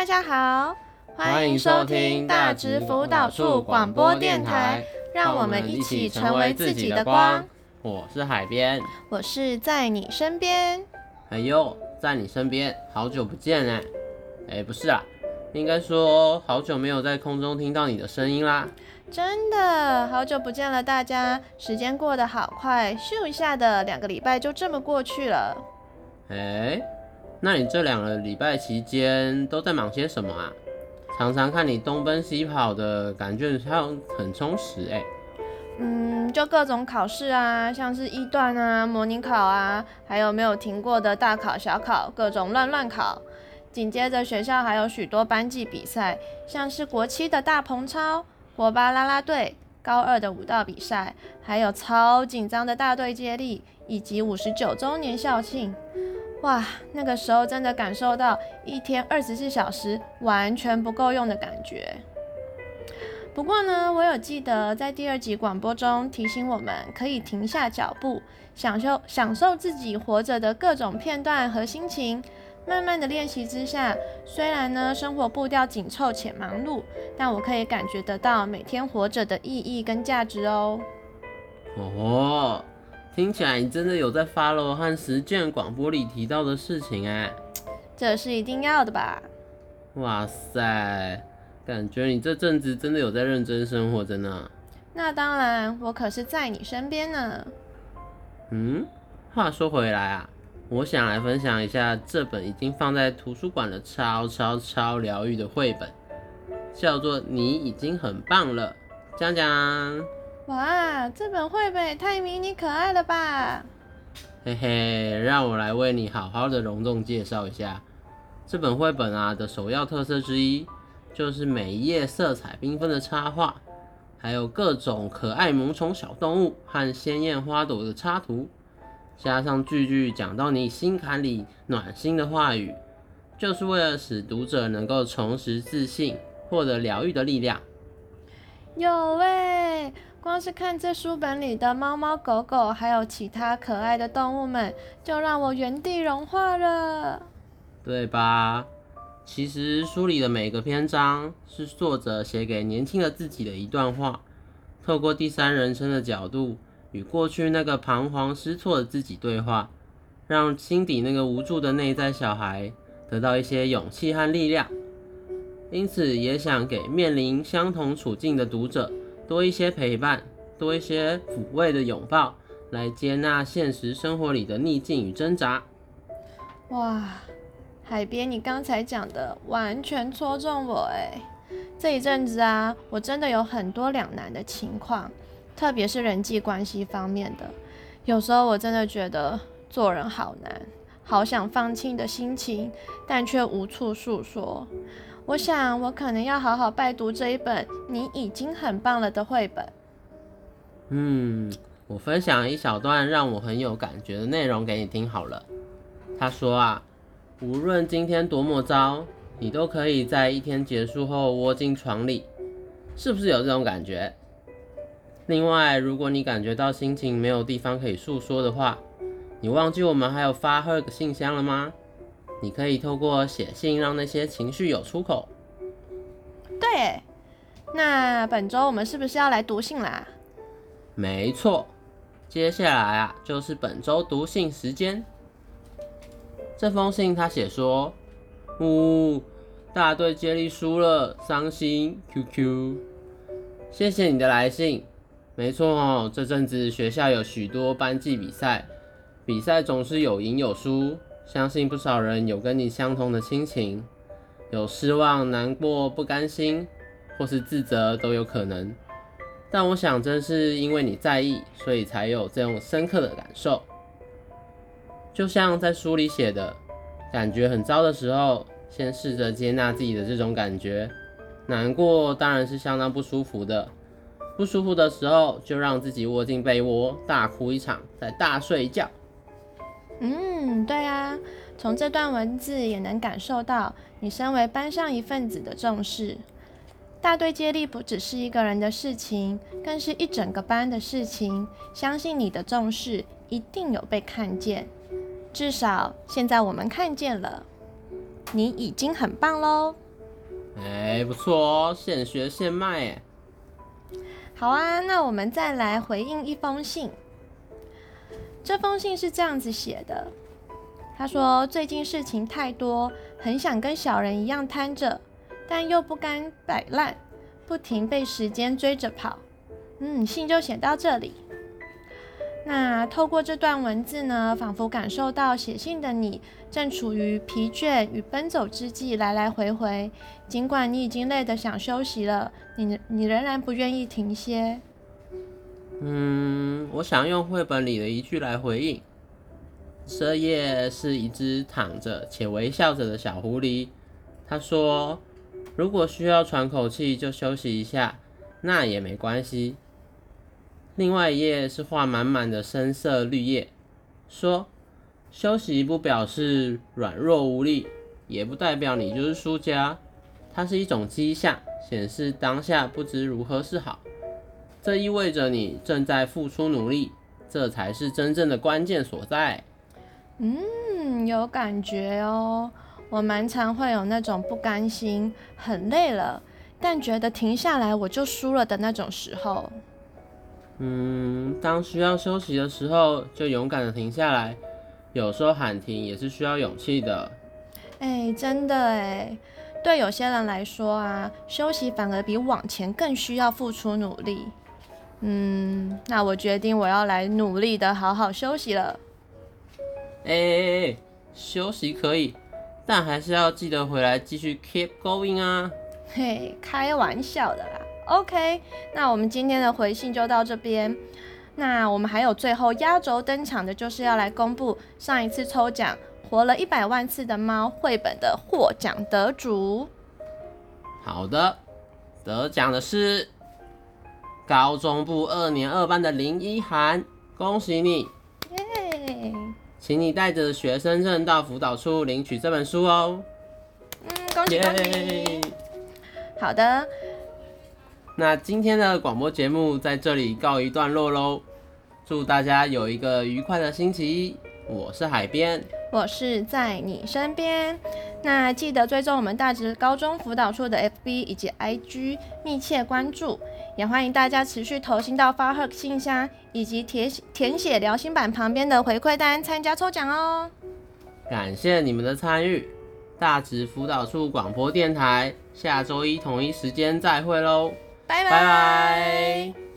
大家好，歡迎收聽大直輔導處廣播電台。讓我們一起成為自己的光。我是海邊，我是在你身邊。哎呦，在你身邊，好久不見哎！哎，不是啊，應該說好久沒有在空中聽到你的聲音啦。真的，好久不見了，大家，時間過得好快，咻一下的兩個禮拜就這麼過去了。哎。那你這兩個禮拜期間都在忙些什麼啊？常常看你東奔西跑的感覺像很充實誒、欸。嗯，就各種考試啊，像是一段啊、模擬考啊，還有沒有停過的大考小考，各種亂亂考。緊接着學校還有許多班級比賽，像是國七的大鵬超、國八啦啦隊、高二的舞蹈比賽，還有超緊張的大隊接力，以及五十九周年校慶。哇，那個時候真的感受到一天二十四小時完全不夠用的感覺。不過呢，我有記得在第二集廣播中提醒我們，可以停下腳步，享受享受自己活着的各種片段和心情。慢慢的練習之下，雖然呢生活步調緊湊且忙碌，但我可以感覺得到每天活着的意義跟價值哦。哦，哦。聽起來你真的有在 follow 和實踐廣播裡提到的事情哎、欸，這是一定要的吧？哇塞，感覺你這陣子真的有在認真生活著呢。那當然，我可是在你身邊呢。嗯，話說回來啊，我想來分享一下這本已經放在圖書館的超超超療癒的繪本，叫做《你已經很棒了》將將，講講。哇，這本繪本也太迷你可愛了吧！嘿嘿，讓我來為你好好的隆重介紹一下這本繪本啊的首要特色之一，就是每一頁色彩繽紛的插畫，還有各種可愛萌寵小動物和鮮豔花朵的插圖，加上句句講到你心坎裡暖心的話語，就是為了使讀者能夠重拾自信，獲得療癒的力量。有喂、欸。光是看這書本裡的貓貓狗狗，還有其他可愛的動物們，就讓我原地融化了。對吧？其實書裡的每個篇章是作者寫給年輕的自己的一段話，透過第三人稱的角度與過去那個彷徨失措的自己對話，讓心底那個無助的內在小孩得到一些勇氣和力量。因此，也想給面臨相同處境的讀者。多一些陪伴，多一些撫慰的擁抱，來接納現實生活裡的逆境與掙扎。哇，海邊，你剛才講的完全戳中我誒、欸，這一陣子啊，我真的有很多兩難的情況，特別是人際關係方面的。有時候我真的覺得做人好難，好想放棄的心情，但卻無處訴說。我想，我可能要好好拜讀這一本你已經很棒了的繪本。嗯，我分享一小段讓我很有感覺的內容給你聽好了。他說啊，無論今天多麼糟，你都可以在一天結束後窩進床裡，是不是有這種感覺？另外，如果你感覺到心情沒有地方可以訴說的話，你忘記我們還有 Far Hug 的信箱了嗎？你可以透過寫信讓那些情緒有出口。對，那本周我們是不是要來讀信啦？沒錯，接下來啊就是本周讀信時間。這封信他寫說：“嗚，大隊接力輸了，傷心。” Q Q，謝謝你的來信。沒錯哦，這陣子學校有許多班級比賽，比賽總是有贏有輸。相信不少人有跟你相同的心情，有失望、難過、不甘心，或是自責都有可能。但我想，正是因為你在意，所以才有這種深刻的感受。就像在書裡寫的，感覺很糟的時候，先試着接納自己的這種感覺。難過當然是相當不舒服的，不舒服的時候就讓自己窩進被窩，大哭一場，再大睡一覺。嗯，對啊，從這段文字也能感受到你身為班上一份子的重視。大隊接力不只是一個人的事情，更是一整個班的事情。相信你的重視一定有被看見，至少現在我們看見了。你已經很棒嘍。哎、欸，不錯哦，現學現賣誒。好啊，那我們再來回應一封信。這封信是這樣子寫的，他說最近事情太多，很想跟小人一樣癱着，但又不甘擺爛，不停被時間追着跑。嗯，信就寫到這裡。那透過這段文字呢，仿佛感受到寫信的你正處於疲倦與奔走之際，來來回回。儘管你已經累得想休息了，你你仍然不願意停歇。嗯，我想用繪本裡的一句來回應。這一頁是一隻躺着且微笑着的小狐狸，他說：“如果需要喘口氣就休息一下，那也沒關係。”另外一頁是畫滿滿的深色綠葉，說：“休息不表示軟弱無力，也不代表你就是輸家，它是一種跡象，顯示當下不知如何是好。”這意味着你正在付出努力，這才是真正的關鍵所在。嗯，有感覺哦。我蠻常會有那種不甘心、很累了，但覺得停下來我就輸了的那種時候。嗯，當需要休息的時候，就勇敢的停下來。有時候喊停也是需要勇氣的。哎，真的哎。對有些人來說啊，休息反而比往前更需要付出努力。嗯，那我決定我要來努力的好好休息了。哎哎哎，休息可以，但還是要記得回來繼續 keep going 啊。嘿，開玩笑的啦。OK，那我們今天的回信就到這邊。那我們還有最後壓軸登場的，就是要來公布上一次抽獎活了一百萬次的貓繪本的獲獎得主。好的，得獎的是。高中部二年二班的林一涵，恭喜你！耶，Yeah. 請你帶着學生證到輔導處領取這本書哦。嗯，恭喜恭喜！Yeah. 好的，那今天的廣播節目在這裡告一段落嘍。祝大家有一個愉快的星期！我是海邊，我是在你身邊。那記得追蹤我們大直高中輔導處的 FB 以及 IG，密切關注。也歡迎大家持續投信到 Far Hug 信箱，以及填填寫聊心版旁邊的回饋單參加抽獎哦。感謝你們的參與，大直輔導處廣播電台下周一同一時間再會嘍，拜拜 bye。Bye bye